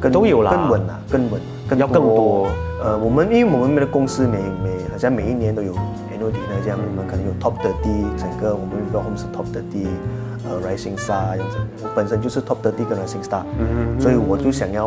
更都有啦，更穩啦，更穩，更要更多。呃，我們因為我們的公司每每好像每一年都有 NOD，nud 那呢，嗯、我們可能有 top thirty，整個我們有個 homes top thirty，r 呃 rising star。我本身就是 top thirty 跟 rising star，嗯，所以我就想要，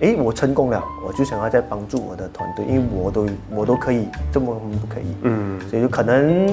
哎、嗯，我成功了，我就想要再幫助我的團隊，因為我都我都可以，這麼不可以，嗯，所以就可能。